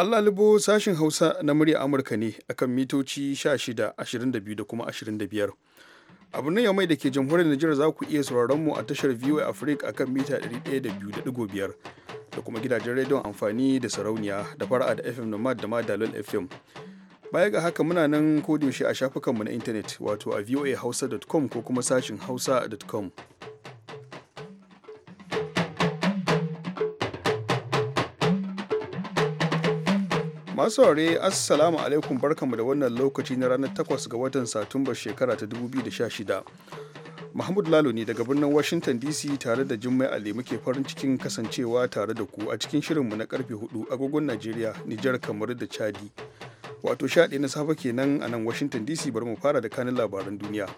Allah libo sashin Hausa na murya Amurka ne akan mitoci 16, 22 da kuma 25. Abu nan mai da ke jamhuriyar Najeriya za ku iya sauraron mu a tashar VOA Africa akan mita 102.5 da kuma gidajen rediyon amfani da sarauniya da fara'a da FM Nomad da Madalol FM. Baya ga haka muna nan kodiyoshe a shafukanmu na intanet wato a voahausa.com ko kuma sashin hausa.com. masu saurare assalamu alaikum barkanmu da wannan lokaci na ranar 8 ga watan satumba shekara ta 2016 Mahmud Lalo ne daga birnin Washington DC tare da Jummai Ali muke farin cikin kasancewa tare da ku a cikin shirinmu na karfe 4 agogon Najeriya, Nijar, kamar da Chadi. Wato shaɗe na safe kenan a nan Washington DC bari mu fara da kanin labaran duniya.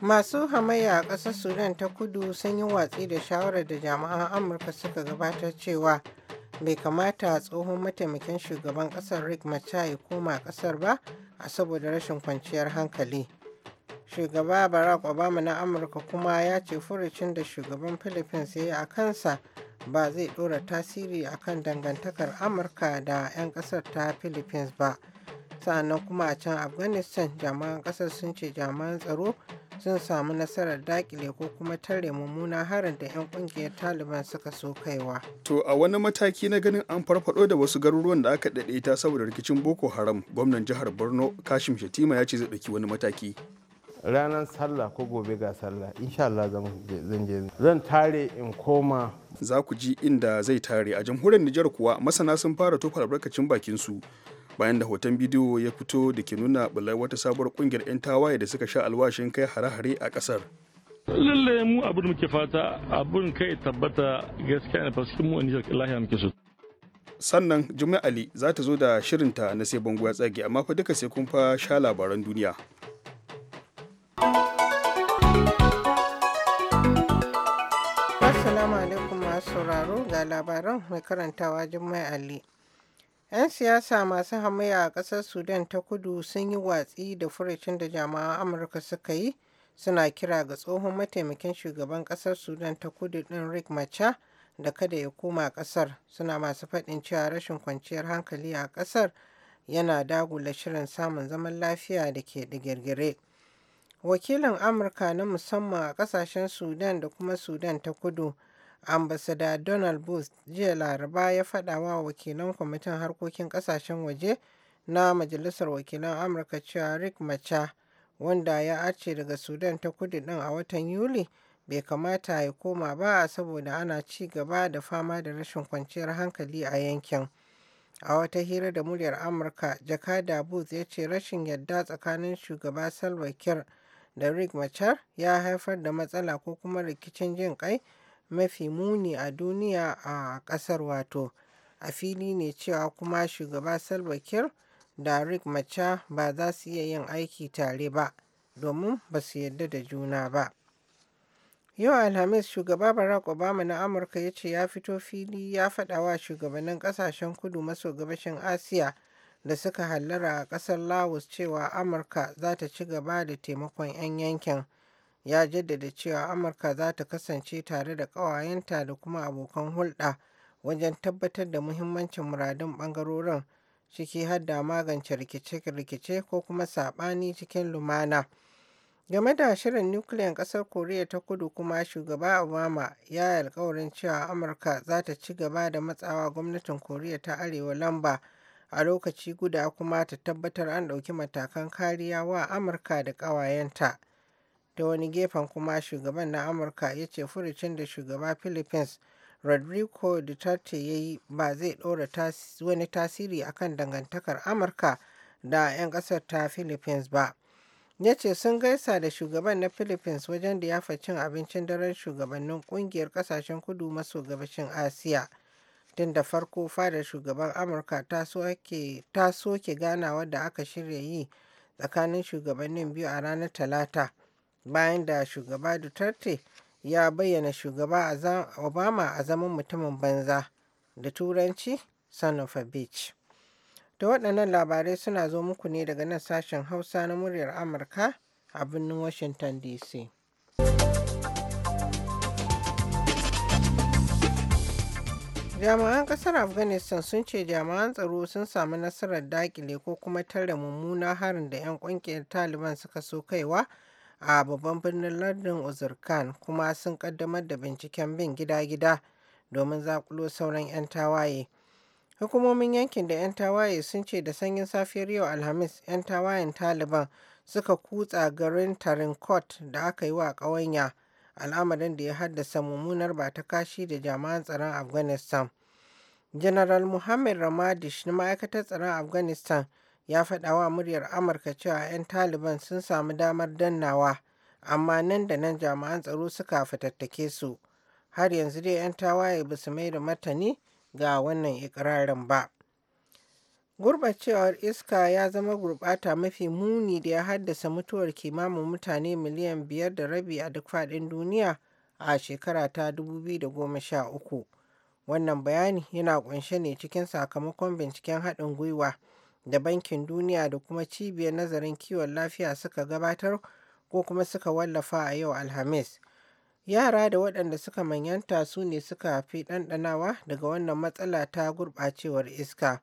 Masu hamayya a ƙasar Sudan ta kudu sun yi watsi da shawarar da jami'an Amurka suka gabatar cewa bai kamata tsohon mataimakin shugaban kasar rick machar koma kasar ba a saboda rashin kwanciyar hankali shugaba barack obama na amurka kuma ya ce furucin da shugaban philippines ya yi a kansa ba zai dora tasiri akan dangantakar amurka da 'yan kasar ta philippines ba. sa'annan kuma a can afghanistan jami'an kasar sun ce jami'an tsaro sun samu nasarar dakile ko kuma tare mummunan harin da 'yan kungiyar taliban suka so kaiwa to a wani mataki na ganin an farfado da wasu garuruwan da aka daɗe ta saboda rikicin boko haram gwamnan jihar borno kashim shatima ya ce zai ɗauki wani mataki ranar sallah ko gobe ga sallah insha Allah zan je zan tare in koma za ku ji inda zai tare a jamhuriyar Nijar kuwa masana sun fara tofa albarkacin bakin su bayan da hoton bidiyo ya fito da ke nuna bular wata sabuwar kungiyar 'yan tawaye da suka sha alwashin kai hare-hare a kasar lalle mu abin muke fata abin kai tabbata gaskiya na fasikin mu a nijar lahiya muke so sannan juma'a ali za ta zo da shirinta na sai bango ya tsage amma fa duka sai kun fa sha labaran duniya assalamu alaikum masu sauraro ga labaran mai karantawa juma'a ali 'Yan siyasa masu hamayya a ƙasar Sudan ta kudu sun yi watsi da furucin da jama'an Amurka suka yi suna kira ga tsohon mataimakin shugaban ƙasar Sudan ta kudu ɗin Rick Macha da kada ya koma ƙasar suna masu faɗin cewa rashin kwanciyar hankali a ƙasar yana dagula shirin samun zaman lafiya da ke digirgire. Wakilin Amurka na musamman a ƙasashen Sudan da kuma Sudan ta kudu ambasada donald bush jiya laraba ya faɗa wa wakilan kwamitin harkokin ƙasashen waje na majalisar wakilan amurka cewa rick macha wanda ya arce daga sudan ta kudu ɗin a watan yuli bai kamata ya koma ba saboda ana ci gaba da fama da rashin kwanciyar hankali a yankin a wata hira da muryar amurka jakada booth ya ce rashin yadda tsakanin shugaba salva da rick machar ya haifar da matsala ko kuma rikicin jin kai mafi muni a duniya a ƙasar wato a fili ne cewa kuma shugaba salva kiir da rick Macha ba za su iya yin aiki tare ba domin ba su yarda da juna ba yau alhamis shugaba barack obama na amurka ya ce ya fito fili ya faɗa wa shugabannin kasashen kudu maso gabashin asiya da suka hallara a ƙasar laos cewa amurka za ta ci gaba da taimakon 'yan yankin ya jaddada cewa amurka za ta kasance tare da ƙawayenta da kuma abokan hulɗa wajen tabbatar da muhimmancin muradun ɓangarorin ciki har da magance rikice-rikice ko kuma saɓani cikin lumana game da shirin nukiliyan ƙasar koriya ta kudu kuma shugaba obama ya yi alkawarin cewa amurka za ta ci gaba da matsawa gwamnatin koriya ta arewa lamba a lokaci guda kuma ta tabbatar an ɗauki matakan kariya wa amurka da ƙawayenta ta wani gefen kuma shugaban na amurka ya ce furucin da shugaba philippines rodrigo duterte ya yi ba zai ɗora wani tasiri a kan dangantakar amurka da 'yan ƙasar ta philippines ba ya ce sun gaisa da shugaban na philippines wajen da ya cin abincin daren shugabannin kungiyar ƙasashen kudu maso gabashin asiya tun da farko fadar shugaban amurka ta soke ganawa da aka shirya yi tsakanin shugabannin biyu a ranar talata bayan da shugaba Duterte ya bayyana shugaba Obama a zaman mutumin banza da turanci son of a beach. Da waɗannan labarai suna zo muku ne daga nan sashen Hausa na muryar Amurka a birnin Washington DC. jami'an kasar afghanistan sun ce jami'an tsaro sun samu nasarar dakile ko kuma tare mummuna harin da 'yan kungiyar taliban suka so kaiwa a babban birnin London Uzurkan kuma sun kaddamar da binciken bin gida-gida domin zakulo sauran 'yan tawaye. Hukumomin yankin da 'yan tawaye sun ce da sanyin safiyar yau Alhamis 'yan tawayen Taliban suka kutsa garin Tarin Court da aka yi wa ƙawanya al'amarin da ya haddasa mummunar ba ta kashi da jami'an tsaron Afghanistan. General Muhammad Ramadish na ma'aikatar tsaron Afghanistan ya faɗa wa muryar amurka cewa 'yan taliban sun samu damar dannawa amma nan da nan jami'an tsaro suka fatattake su har yanzu dai 'yan tawaye ba su mai da martani ga wannan ikirarin ba Gurɓacewar iska ya zama gurɓata mafi muni da ya haddasa mutuwar kimanin mutane miliyan biyar da rabi a duk faɗin duniya a shekara ta 2013 wannan bayani yana ƙunshe ne cikin sakamakon binciken haɗin gwiwa da Bankin Duniya da kuma Cibiyar Nazarin Kiwon Lafiya suka gabatar ko kuma suka wallafa a yau Alhamis. Yara da waɗanda suka manyanta su ne suka fi ɗanɗanawa daga wannan matsala ta gurɓacewar iska.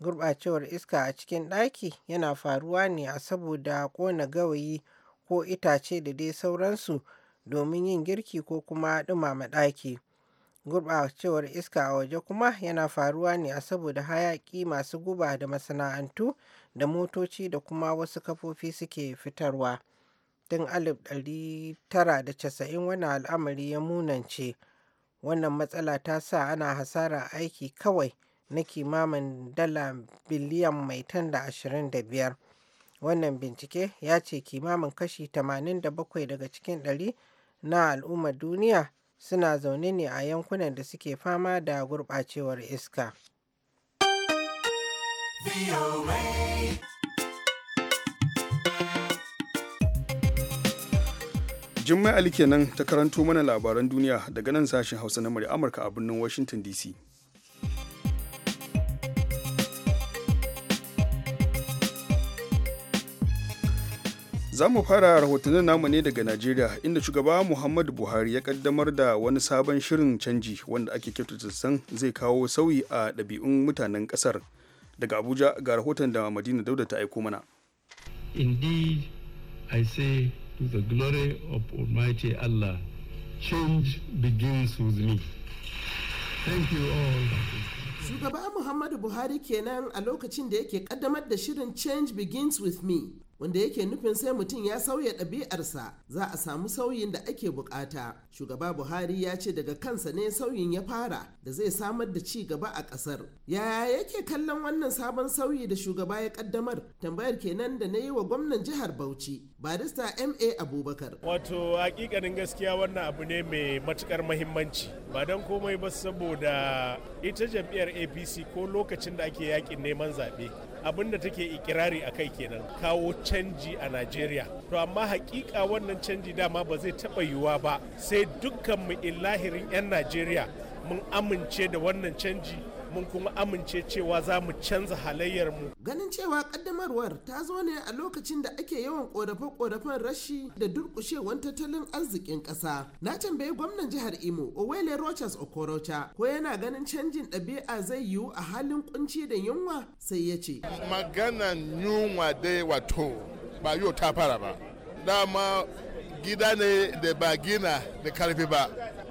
Gurɓacewar iska a cikin ɗaki yana faruwa ne a saboda ƙona gawayi ko itace da dai sauransu domin yin girki ko kuma ɗumama ɗaki. Gurɓacewar iska a waje kuma yana faruwa ne a saboda hayaƙi masu guba da masana'antu da motoci da kuma wasu kafofi suke fitarwa. Tun 1990 wannan al'amari ya munance. Wannan matsala ta sa ana hasara aiki kawai na kimamin dala biliyan mai tanda 25. Wannan bincike ya ce kimamin kashi 87 daga cikin ɗari na al'ummar duniya suna zaune ne a yankunan da suke fama da gurɓacewar iska. Jummai Ali kenan ta karanto mana labaran duniya daga nan sashen Hausa na Amurka a birnin Washington DC. za mu fara rahotannin namu ne daga najeriya inda shugaba muhammadu buhari ya kaddamar da wani sabon shirin canji wanda ake kyautata zai kawo sauyi a ɗabi'un mutanen ƙasar daga abuja ga rahoton da madina dauda ta aiko mana indeed i say to the glory of almighty allah change begins with me thank you all shugaba muhammadu buhari kenan a lokacin da yake kaddamar da shirin change begins with me wanda yake nufin sai mutum ya sauya ɗabi'arsa za a samu sauyin da ake bukata shugaba buhari ya ce daga kansa ne sauyin ya fara da zai samar da ci gaba a ƙasar yaya yake kallon wannan sabon sauyi da shugaba ya kaddamar tambayar kenan da na yi wa gwamnan jihar bauchi barista ma abubakar wato hakikanin gaskiya wannan abu ne mai matukar mahimmanci ba don komai ba saboda ita jam'iyyar apc ko lokacin da ake yakin neman zaɓe abin da take ikirari a kai kenan kawo canji a najeriya to amma hakika wannan canji dama ba zai taba yiwuwa ba sai dukkan mu illahirin 'yan najeriya mun amince da wannan canji mun kuma amince cewa za mu canza halayyar mu ganin cewa kaddamarwar ta zo ne a lokacin da ake yawan korafe-korafen rashi da durkushewan tattalin arzikin ƙasa na tambayi gwamnan jihar imo owele rochas okorocha ko yana ganin canjin ɗabi'a zai yiwu a halin kunci da yunwa sai ya ce maganan yunwa dai wato ba yau ta fara ba dama gida ne da ba gina da karfi ba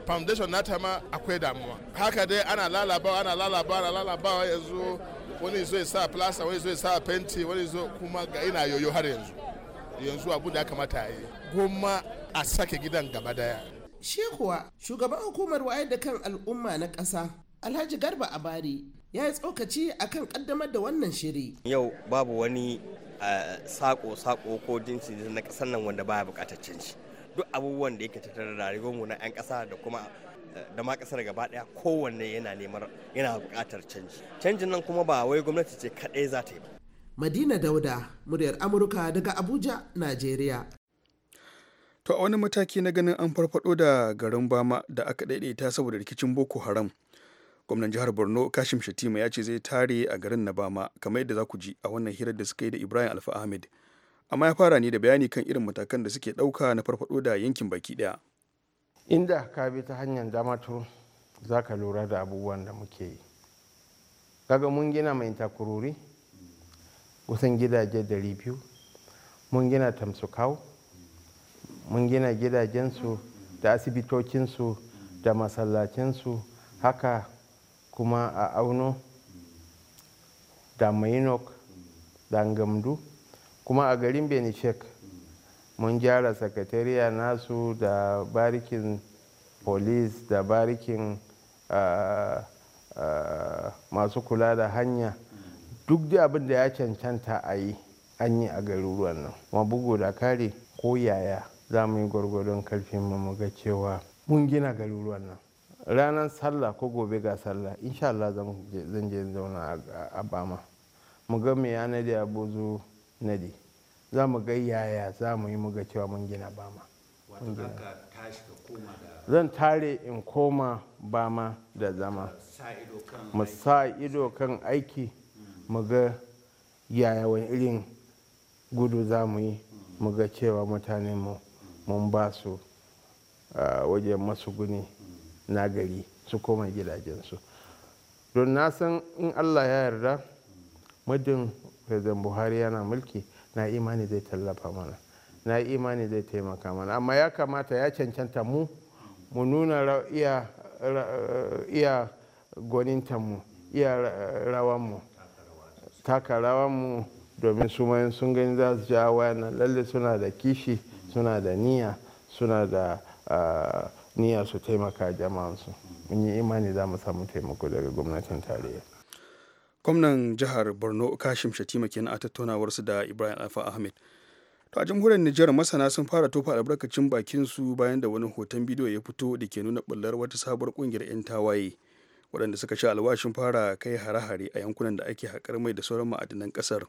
foundation nata ma akwai damuwa haka dai ana lalabawa ana lalabawa ana lalabawa yanzu wani zo ya sa wani zo ya sa fenti wani zo kuma ga ina yoyo har yanzu yanzu abu da kamata yi goma a sake gidan gaba daya shi shugaban hukumar wayar da kan al'umma na ƙasa alhaji garba a Bari ya yi tsokaci akan kaddamar da wannan shiri yau babu wani eh, sako-sako ko jinsi na ƙasar nan wanda baya bukatar canji duk abubuwan da yake tattare da mu na 'yan ƙasa da kuma eh, da ma kasar gaba daya kowanne yana neman yana buƙatar canji canjin nan kuma ba wai gwamnati ce kaɗai za ta yi ba madina dauda muryar amurka daga abuja najeriya to a wani mataki na ganin an farfado da garin bama da aka daidaita saboda rikicin boko haram gwamnan jihar borno kashim shatima ya ce zai tare a garin na bama kamar yadda za ku ji a wannan hirar da suka yi da ibrahim alfa ahmed amma ya fara ne da bayani kan irin matakan da suke ɗauka na farfaɗo da yankin baki ɗaya. inda ka bi ta hanyar dama to za ka lura da abubuwan da muke yi kaga mun gina mai takururi kusan gidaje dari biyu mun gina tamsukau mun gina gidajensu da asibitocinsu da masallacinsu haka kuma a auno da mainok da kuma a garin benishek mun gyara sakatariya nasu da barikin polis da barikin ah, ah, masu kula da hanya duk da abin da ya cancanta a yi an yi a garuruwan nan ma bugu da kare ko yaya za mu yi gwargwadon karfin mu ga cewa mun gina garuruwan nan ranar sallah ko gobe ga sallah insha Allah zan je zauna a bama mu ga me ya da abuzu nadi za mu ga yaya za mu yi muga cewa mun gina bama zan tare in koma bama da zama mu sa ido kan aiki hmm. mu ga yaya wani irin gudu za mu yi hmm. mu ga cewa mutane mu hmm. mun ba su wajen guni na gari su koma gidajensu don na san in allah ya yarda muddin president buhari yana mulki na imani zai tallafa mana na imani zai taimaka mana amma ya kamata ya cancanta mu mu nuna iya gwanintanmu iya rawanmu taka rawanmu domin su sun gani za su ja wayan lalle suna da kishi suna da niyya suna da niya su taimaka jama'ansu mun yi imani za mu samu taimako daga gwamnatin tarayya gwamnan jihar borno kashim shatima kenan a su da ibrahim alfa ahmed to a jamhuriyar nijar masana sun fara tofa albarkacin bakin su bayan da wani hoton bidiyo ya fito da ke nuna bullar wata sabuwar kungiyar 'yan tawaye waɗanda suka sha alwashin fara kai hare-hare a yankunan da ake haƙar mai da sauran ma'adinan ƙasar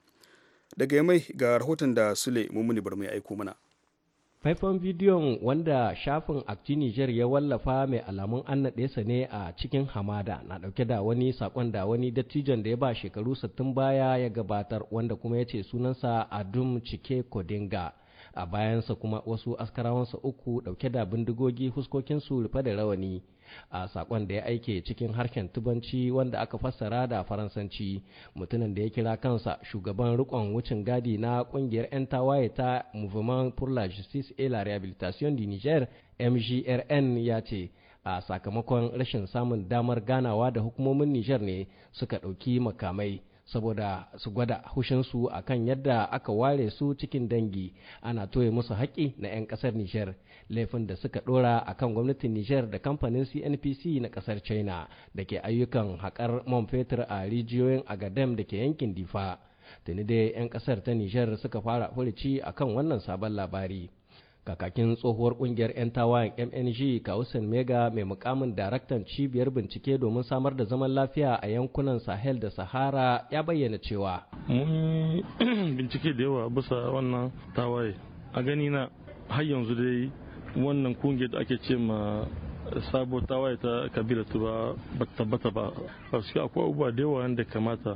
daga mai ga rahoton da sule mummuni bar mai aiko mana Faifan bidiyon wanda shafin Akti Niger ya wallafa mai alamun an sa ne a cikin hamada na ɗauke da wani sakon da wani dattijon da ya ba shekaru 60 baya ya gabatar wanda kuma ya ce sunansa Adum Cike Kodinga a bayansa kuma wasu askarawansa uku ɗauke da bindigogi huskokinsu rufe da rawani a saƙon da ya aike cikin harshen tubanci wanda aka fassara da faransanci mutumin da ya kira kansa shugaban rikon wucin gadi na ƙungiyar 'yan tawaye ta mouvement pour la justice et la rehabilitation du niger mgrn ya ce a sakamakon rashin samun damar ganawa da hukumomin niger ne suka ɗauki makamai saboda su gwada hushinsu a kan yadda aka ware su cikin dangi ana toye musu haƙƙi na 'yan ƙasar Nijar laifin da suka ɗora a kan gwamnatin Nijar da kamfanin CNPC na ƙasar China da ke ayyukan haƙar man fetur a rijiyoyin Agadem da ke yankin Difa. Tuni dai 'yan ƙasar ta Nijar suka fara furici a kan wannan sabon labari. kakakin tsohuwar kungiyar 'yan tawayen mng kawusin mega mai mukamin daraktan cibiyar bincike domin samar da zaman lafiya a yankunan sahel da sahara ya bayyana cewa mun bincike da yawa bisa wannan tawaye a gani na har yanzu dai wannan kungiyar da ake ce ma sabo tawaye ta kabila ba tabbata ba gaskiya akwai abubuwa da yawa da kamata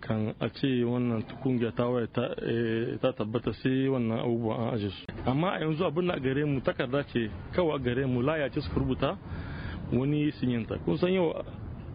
kan a ce wannan kungiya ta waya ta eh, tabbata sai wannan abubuwan an aje su amma a yanzu abin na gare mu takarda ce kawai a gare mu laya ce suka rubuta wani sinyanta kun san yau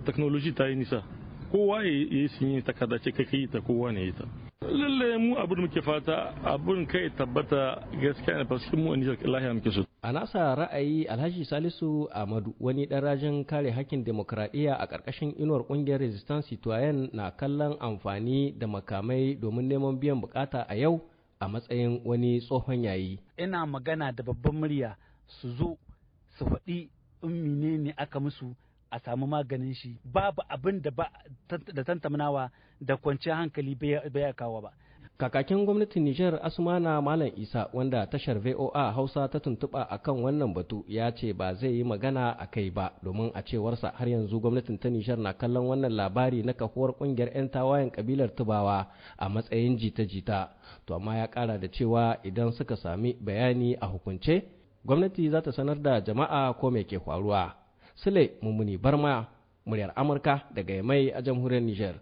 technology ta yi nisa kowa ya yi sinyi takarda ce kai ta kowa ne ya ta lalle mu abin da muke fata abin kai tabbata gaskiya ne fasikin mu a Nijar lahiya muke so a nasa ra'ayi Alhaji Salisu Ahmadu wani dan rajin kare hakkin demokradiyya a karkashin inuwar kungiyar Resistance Citoyen na kallon amfani da makamai domin neman biyan bukata a yau a matsayin wani tsohon yayi ina magana da babban murya su zo su faɗi in menene aka musu a samu maganin shi babu abin da ba da tantamnawa da kwanciyar hankali bai kawo ba kakakin gwamnatin Nijar Asmana Malam Isa wanda tashar VOA Hausa ta tuntuɓa akan wannan batu ya ce ba zai yi magana a kai ba domin a cewarsa har yanzu gwamnatin ta Nijar na kallon wannan labari na kahuwar kungiyar 'yan tawayen kabilar Tubawa a matsayin jita-jita to amma ya kara da cewa idan suka sami bayani a hukunce gwamnati za ta sanar da jama'a ko me ke faruwa. Sule Mumuni Barma, muryar Amurka daga Yamai a jamhuriyar Nijar.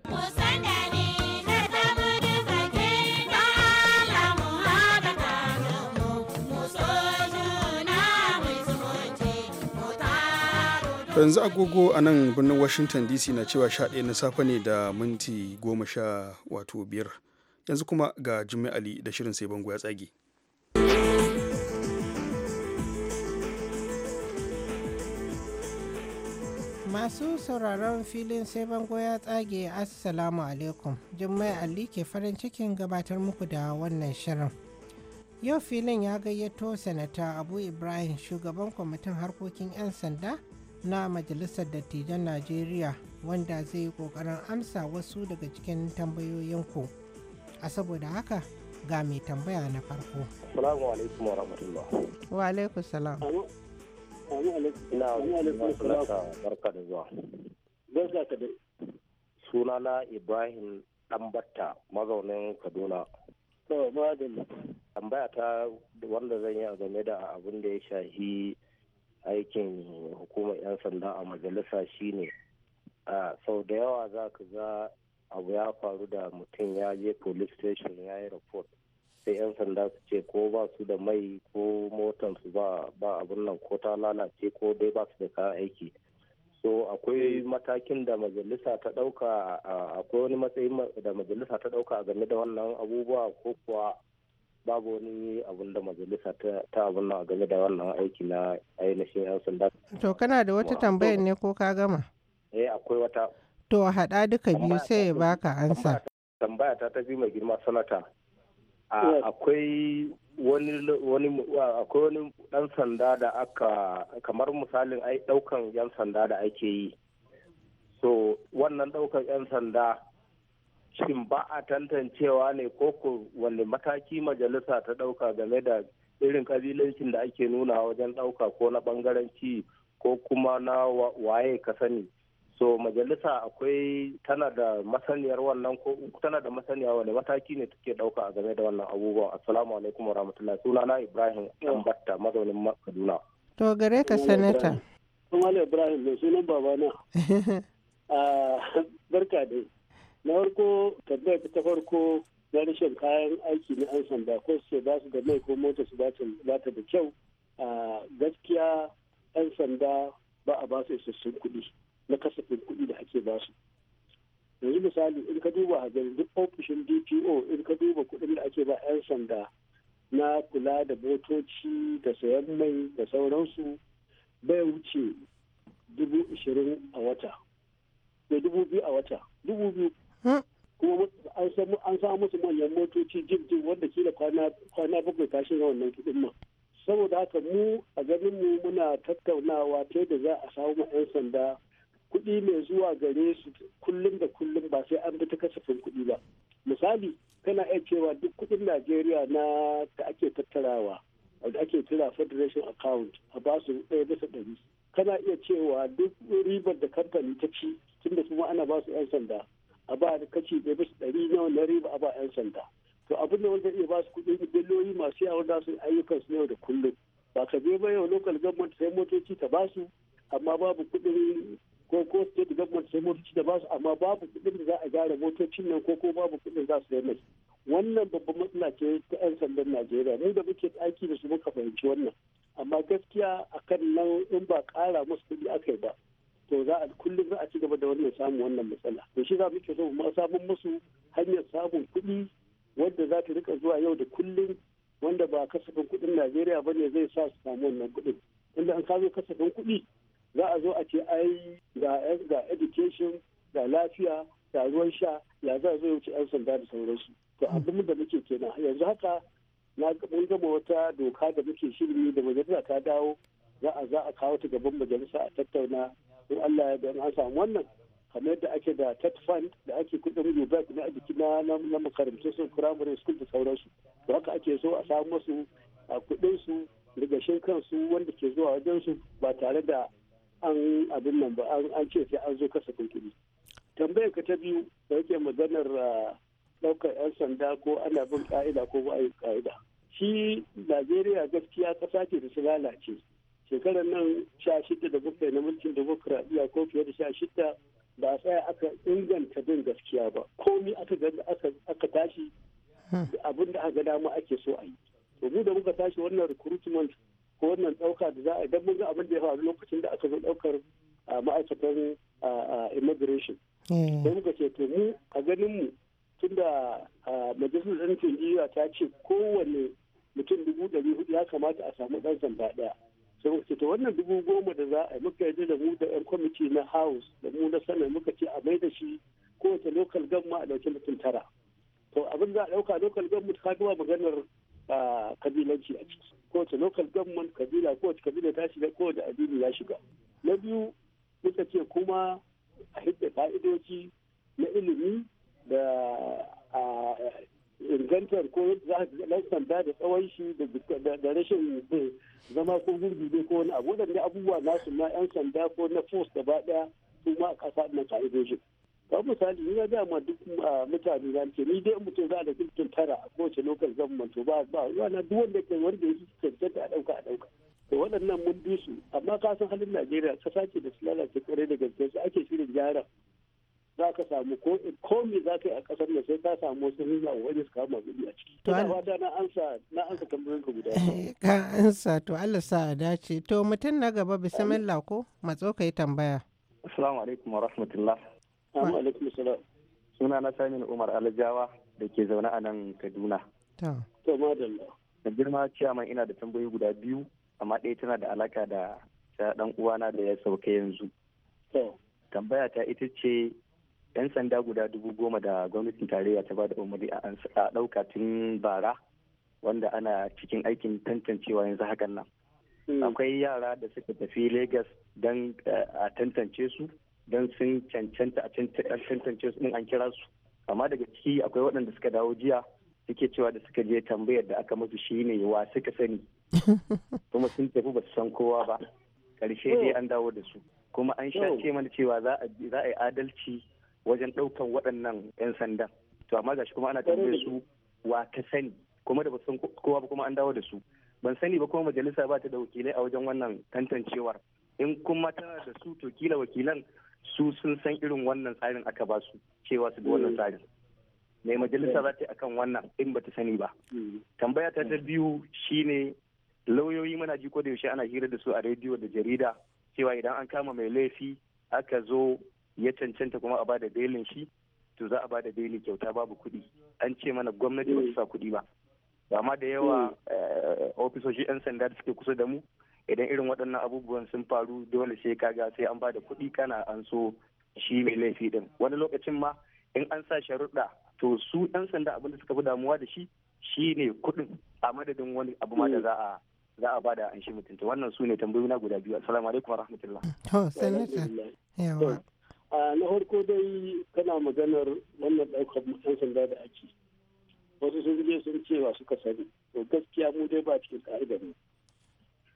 yanzu agogo a nan birnin washington dc na cewa 11 na safe ne da minti goma sha wato biyar yanzu kuma ga jimmy ali da shirin sai bango ya tsage Masu sauraron filin sai bango ya tsage Assalamu alaikum. Jummai Ali ke farin cikin gabatar muku da wannan shirin. Yau filin ya gayyato Sanata Abu Ibrahim shugaban kwamitin harkokin 'yan sanda na Majalisar Dattijan Najeriya wanda zai yi ƙoƙarin amsa wasu daga cikin tambayoyinku. A saboda haka ga mai tambaya na farko. wa rahmatullah. Wa alaikum salam. barka da zuwa. Sunana Ibrahim Ɗanbatta mazaunin Kaduna. Tambaya ta wanda zan yi a game da abin da ya shahi aikin hukumar 'yan sanda a majalisa shine sau da yawa za ka za abu ya faru da mutum ya je police station ya yi report sai 'yan sanda su ce ko ba su da mai ko motan su ba ba abin nan ko ta lalace ko dai ba su da kayan aiki so akwai mm. matakin da majalisa ta dauka akwai wani matsayin da majalisa ta dauka a game da wannan abubuwa ko kuwa babu wani abun da majalisa ta abun nan a game da wannan aiki na ainihin 'yan sanda to kana da wata tambayar ne ko ka gama eh akwai wata to hada duka biyu sai ya baka ansa tambaya ta ta bi mai girma sanata akwai wani wani dan sanda da aka kamar misalin ai daukan yan sanda da ake yi so wannan daukan yan sanda shin ba a tantancewa ne ko ko wani mataki majalisa ta dauka game da irin kabilancin da ake nuna wajen dauka ko na bangaranci ko kuma na waye ka sani so majalisa akwai tana da masaniyar wannan ko tana da masaniya wani mataki ne take dauka a game da wannan abubuwa assalamu alaikum wa rahmatullahi sunana ibrahim ambatta mazaunin kaduna to gare ka sanata sunana ibrahim ne sunan babana ah, barka dai na farko tabbai ta farko na rashin kayan aiki na yan sanda ko su ba su da mai ko mota su ba ta da kyau a ah, gaskiya yan sanda ba a ba su isassun kuɗi na kasafin kuɗi da ake ba su yanzu misali in ka duba a duk ofishin dpo in ka duba kuɗin da ake ba 'yan sanda na kula da motoci da sayan mai da sauransu bai wuce dubu ishirin a wata da eh, dubu biyu a wata dubu biyu hmm. kuma an samu musu manyan motoci jib jib wanda kila kwana bakwai ta shiga wannan kuɗin ma saboda haka mu a ganin mu muna tattaunawa ta da za a samu 'yan sanda kuɗi mai zuwa gare su kullum da kullum ba sai an bi ta kasafin kuɗi ba misali kana iya cewa duk kuɗin najeriya na da ake tattarawa da ake tura federation account a ba ɗaya bisa ɗari kana iya cewa duk ribar da kamfani ta ci tun da kuma ana basu su 'yan sanda a ba da kaci ɗaya bisa ɗari na wani riba a ba 'yan sanda to abin da wanda iya ba su kuɗin biliyoyi masu yawon da su ayyukan su yau da kullum ba ka je ba yau local government sai motoci ta ba su amma babu kuɗin ko ko state government sai motoci da basu amma babu kuɗin da za a gyara motocin nan ko ko babu kuɗin za su mai wannan babban matsala ce ta 'yan sandan najeriya mu da muke aiki da su muka fahimci wannan amma gaskiya akan nan in ba ƙara musu kuɗi aka yi ba to za a kullum za a ci gaba da wannan samun wannan matsala to shi za mu ke so mu samun musu hanyar samun kuɗi wanda za ta rika zuwa yau da kullum wanda ba kasafin kuɗin Najeriya ne zai sa su samu wannan kuɗin inda an kawo kasafin kuɗi za a zo a ce ai ga education ga lafiya ga ruwan sha ya za a zo wuce 'yan sanda da sauransu to abin da muke kenan yanzu haka na mun gama wata doka da muke shiri da majalisa ta dawo za a za a kawo ta gaban majalisa a tattauna in Allah ya ga an samu wannan kamar yadda ake da tet fund da ake kudin rubat na biki na na makarantu su primary school da sauransu to haka ake so a samu su a kudin su rigashin kansu wanda ke zuwa wajen su ba tare da an abin nan ba an ce sai an zo kasa kuɗi tambayar ka ta biyu da yake maganar ah, ɗaukar 'yan sanda ko ana bin ka'ida ko ba a yi ka'ida shi najeriya gaskiya ƙasa ce da su lalace shekarar nan sha shida da bakwai na mulkin demokuraɗiyya ko fiye da sha shida ba a tsaya aka inganta bin gaskiya ba komi aka aka tashi hmm. abin da aka dama ake so a yi to mu da muka tashi wannan recruitment ko wannan ɗauka da za a idan mun ga abin da ya faru lokacin da aka zo ɗaukar ma'aikatan immigration. Hmm. Sai muka ce to mu a ganin mu tunda majalisar ɗinkin jiya ta ce kowane mutum dubu ɗari hudu ya kamata a samu ɗan sanda ɗaya. Sai muka ce to wannan dubu goma da za a yi muka yarda da mu da 'yan kwamiti na house da mu na sanar muka ce a mai da shi kowace lokal gamma a ɗauki mutum tara. to abin za a ɗauka local gamma ka kaɗuwa maganar kabilanci a ciki kowace local government kabila kowace kabila ta shiga kowace addini ya shiga na biyu muka ce kuma a hidda fa'idoci na ilimi da ingantar ko yadda za sanda da tsawon shi da rashin zama ko gurbi ne ko wani abu da abubuwa nasu na 'yan sanda ko na force gaba daya su ma a kasa na fa'idoci ba misali ni ga ma duk ah, mutane da ke ni dai mutum za da kirkin tara a kowace local government to ba ba na duk wanda ke wanda suke cancanta a dauka a dauka to waɗannan mun bi su amma ka san halin Najeriya kasa ce da su lalace kwarai da gaske su ake shirin gyara za ka samu ko komi za ka yi a kasar nan sai ka samu wasu a wani su kama a ciki to fata na ansa na ansa tambayoyin ka guda ka ansa to Allah sa a dace to mutum na gaba bismillah ko matso ka yi tambaya assalamu alaikum wa rahmatullah Assalamu Suna na Saminu Umar Alajawa da ke zaune a nan Kaduna. Ta ma Da girma ciyaman ina da tambayi guda biyu amma ɗaya tana da alaka da ta ɗan uwana da ya sauka yanzu. Tambaya ta ita ce 'yan sanda guda dubu goma da gwamnatin tarayya ta ba da umarni a ɗauka tun bara wanda ana cikin aikin tantancewa yanzu hakan nan. Hmm. Akwai yara da suka tafi Legas don eh, a tantance su don sun cancanta a tantance su an kira su amma daga ciki akwai waɗanda suka dawo jiya suke cewa da suka je tambayar da aka musu ne wa suka sani kuma sun tafi ba su san kowa ba karshe dai an dawo da su kuma an sha ce mana cewa za a yi adalci wajen ɗaukan waɗannan 'yan sandan to amma gashi kuma ana tambayar su wa ka sani kuma da ba san kowa ba kuma an dawo da su ban sani ba kuma majalisa ba ta da wakilai a wajen wannan tantancewar in kuma tana da su to kila wakilan su sun san irin wannan tsarin aka ba su cewa su da mm. wannan tsarin mai majalisa mm. za ta akan wannan in ba ta sani ba mm. tambaya ta ta biyu shine lauyoyi muna ji ko da yaushe ana hira da su a rediyo da jarida cewa idan an kama mai laifi aka zo ya cancanta kuma a bada belin shi to za a bada beli kyauta babu kuɗi an ce mana gwamnati ba ta sa kuɗi ba ba da yawa eh, ofisoshi 'yan sanda da suke kusa da mu idan irin waɗannan abubuwan sun faru dole sai kaga sai an bada kuɗi kana an so shi mai laifi din wani lokacin ma in an sa sharuɗa to su ɗan sanda abin da suka fi damuwa da shi shi ne kuɗin a madadin wani abu ma da za a za a bada an shi mutunta wannan su ne tambayoyi na guda biyu assalamu alaikum warahmatullah to na farko dai kana maganar wannan ɗaukar ɗan sanda da ake wasu sun je sun cewa suka sani to gaskiya mu dai ba cikin ka'idar mu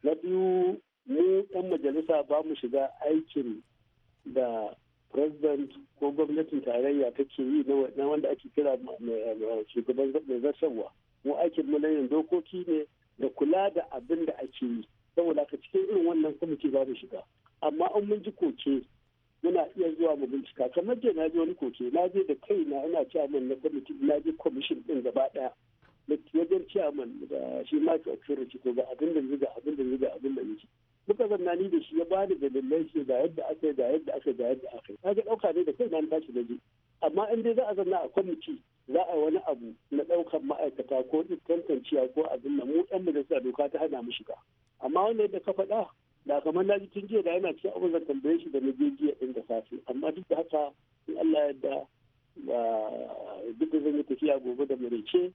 na biyu mu 'yan majalisa ba mu shiga aikin da president ko gwamnatin tarayya take yi na wanda ake kira shugaban mai zartarwa mu aikin mu na yin dokoki ne da kula da abin da ake yi saboda ka cikin irin wannan kwamiti ba mu shiga amma an mun ji koke muna iya zuwa mu bincika kamar je na je wani koke na je da kaina ina cewa min na kwamiti na je kwamishin din gaba daya wajen ciyaman da shi maki oksoro ko ga abin da zuga abin da zuga abin da yake muka zanna ni da shi ya ba da dalilai shi ga yadda aka yi ga yadda aka ga yadda aka yi kaga ɗauka ne da kai na tashi da ji amma in dai za a zanna a kwamiti za a wani abu na ɗaukan ma'aikata ko tantanciya ko abin da mu da majalisa doka ta hana mu shiga amma wannan da ka faɗa da kamar na ji tun jiya da yana ci abu zan tambaye shi da na je jiya ɗin da safe amma duk da haka in Allah ya yarda duk da zan yi tafiya gobe da marece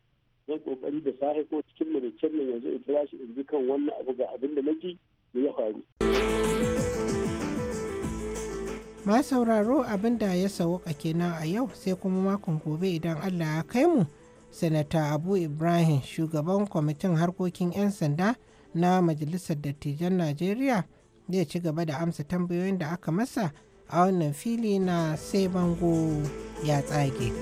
zan kokari da sare ko cikin maraicen nan yanzu in tura shi in ji kan wannan abu ga abin da nake ya faru. Ma sauraro abin da ya sauka kenan a yau sai kuma makon gobe idan Allah ya kai mu. Sanata Abu Ibrahim shugaban kwamitin harkokin 'yan sanda na Majalisar Dattijan Najeriya zai ci gaba da amsa tambayoyin da aka masa a wannan fili na sai bango ya tsage.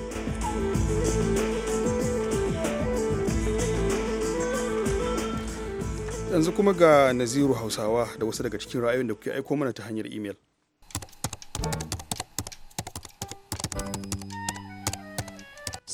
yanzu kuma ga naziru hausawa da wasu daga cikin ra'ayoyin da kuke aiko mana ta hanyar imel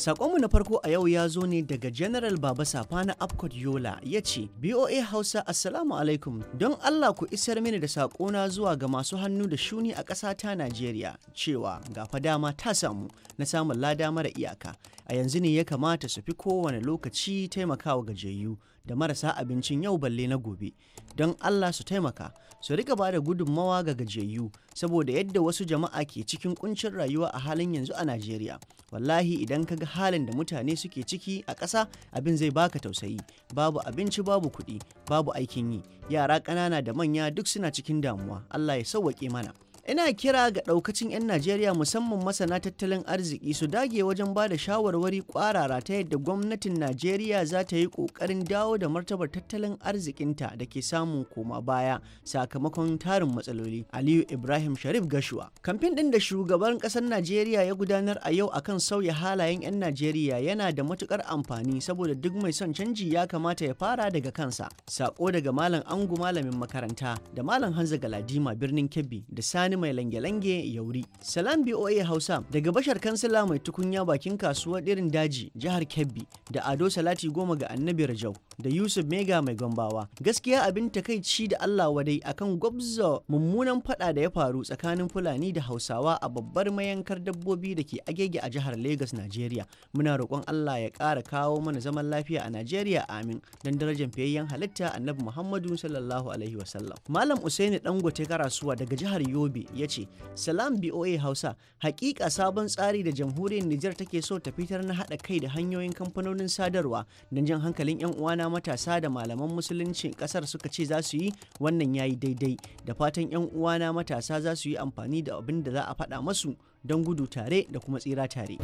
Sakonmu na farko a yau ya zo ne daga General Baba Safa na Apcot Yola ya ce, BOA Hausa Assalamu alaikum don Allah ku isar mini da sakona zuwa ga masu hannu da shuni a ƙasata Najeriya cewa ga fa dama ta samu na samun lada mara iyaka. A yanzu ne ya kamata su fi kowane lokaci taimakawa gajiyayyu da marasa abincin yau balle na gobe don Allah su taimaka su rika ba da gudunmawa ga gajiyayyu saboda yadda wasu jama'a ke cikin kuncin rayuwa a halin yanzu a Najeriya. Wallahi idan ka ga halin da mutane suke ciki a ƙasa abin zai baka tausayi, babu abinci babu kuɗi, babu aikin yi, yara ƙanana da manya duk suna cikin damuwa, Allah ya sauwaƙe mana. ina kira ga daukacin 'yan najeriya musamman masana tattalin arziki su dage wajen ba da shawarwari kwarara ta yadda gwamnatin najeriya za ta yi kokarin dawo da martabar tattalin arzikinta da ke samun koma baya sakamakon tarin matsaloli aliyu ibrahim sharif gashuwa kamfen din da shugaban kasar najeriya ya gudanar a yau akan sauya halayen 'yan najeriya yana da matukar amfani saboda duk mai son canji ya kamata ya fara daga kansa sako daga malam angu malamin makaranta da malam hanza galadima birnin kebbi da sani wani mai lange-lange yauri. Salam BOA Hausa daga bashar kansila mai tukunya bakin kasuwar irin daji jihar Kebbi da Ado Salati goma ga Annabi Rajau da Yusuf Mega mai gombawa. Gaskiya abin takaici da Allah wadai akan gwabza mummunan fada da ya faru tsakanin Fulani da Hausawa a babbar mayankar dabbobi da ke agege a jihar Legas, Najeriya. Muna roƙon Allah ya ƙara kawo mana zaman lafiya a Najeriya amin don darajar fiyayyen halitta Annabi Muhammadu sallallahu alaihi wasallam. Malam Usaini Dangote Karasuwa daga jihar Yobe ya ce, Salam BOA Hausa, hakika sabon tsari da jamhuriyar Nijar take so ta fitar na haɗa kai da hanyoyin kamfanonin sadarwa don jan hankalin 'yan uwana matasa da malaman musuluncin ƙasar suka ce za su yi wannan ya yi daidai. Da fatan 'yan uwana matasa za su yi amfani da abin da za a faɗa masu don gudu tare da kuma tsira tare.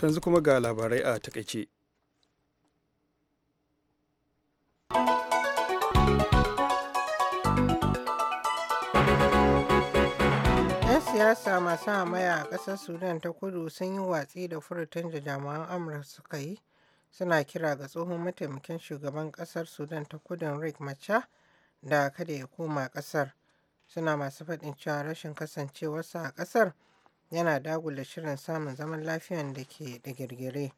yanzu kuma ga labarai a takaice 'Yan siyasa masu hamaya a ƙasar Sudan ta kudu sun yi watsi da furutan da jami'an Amurka suka yi suna kira ga tsohon mataimakin shugaban ƙasar Sudan ta kudun Rick Macha da kada ya koma ƙasar. Suna masu faɗin cewa rashin kasancewarsa a ƙasar yana dagula shirin samun zaman lafiyan da ke da girgire.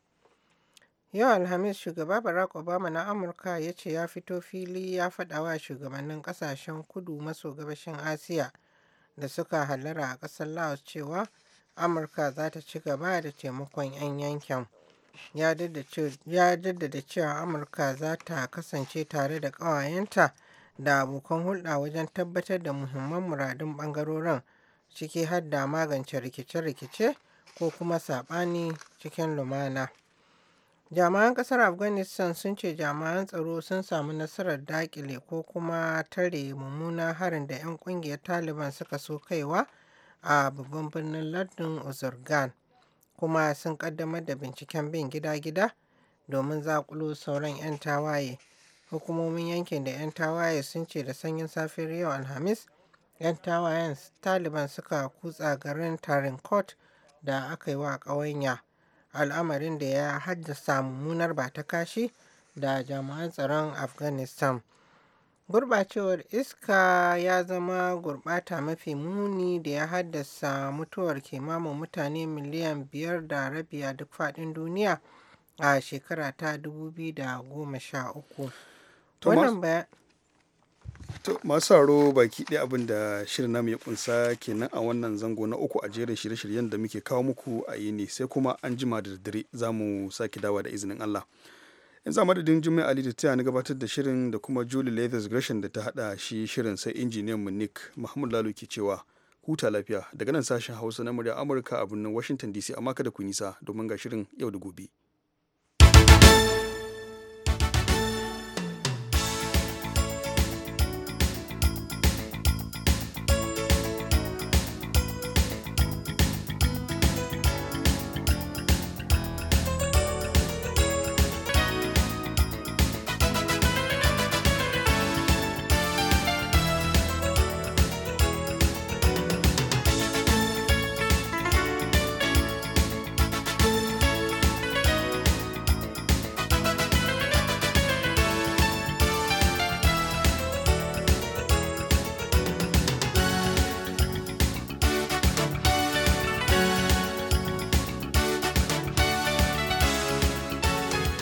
Yau Alhamis Shugaba Barack Obama na Amurka ya ce ya fito fili ya faɗawa shugabannin kasashen kudu maso gabashin Asiya da suka hallara a ƙasar Laos cewa Amurka za ta ci gaba da taimakon 'yan yankin. Ya jaddada cewa Amurka za ta kasance tare da ƙawayenta da abokan hulɗa wajen tabbatar da muhimman muradun ɓangarorin ciki har da magance rikice-rikice ko kuma saɓani cikin lumana. Jami'an kasar Afghanistan sun ce jami'an tsaro sun samu nasarar daƙile ko kuma tare mummunan harin da 'yan kungiyar Taliban suka so kaiwa a babban birnin lardin Uzurgan, kuma sun ƙaddamar da binciken bin gida-gida domin zaƙulo sauran 'yan tawaye. Hukumomin yankin da 'yan tawaye sun ce da sanyin safiyar yau Alhamis, 'yan tawayen Taliban suka kutsa garin Tarin court da aka yi wa ƙawanya. al'amarin da ya haddasa mummunar ba ta kashi da jami'an tsaron afghanistan gurbacewar iska ya zama gurbata mafi muni da ya haddasa mutuwar kimanin mutane miliyan biyar da rabi a duk faɗin duniya a shekara ta 2013 To masu sauraro baki ɗaya abin da shirin namu ya kunsa kenan a wannan zango na uku a jerin shirye-shiryen da muke kawo muku a yi ne sai kuma an jima da daddare za mu sake dawa da izinin Allah. Yanzu a madadin Jummai Ali da taya na gabatar da shirin da kuma Julie Leathers Gresham da ta haɗa shi shirin sai injiniyan mu Nick Mahmud lalu ke cewa huta lafiya daga nan sashen Hausa na murya Amurka a birnin Washington DC amma kada ku nisa domin ga shirin yau da gobe.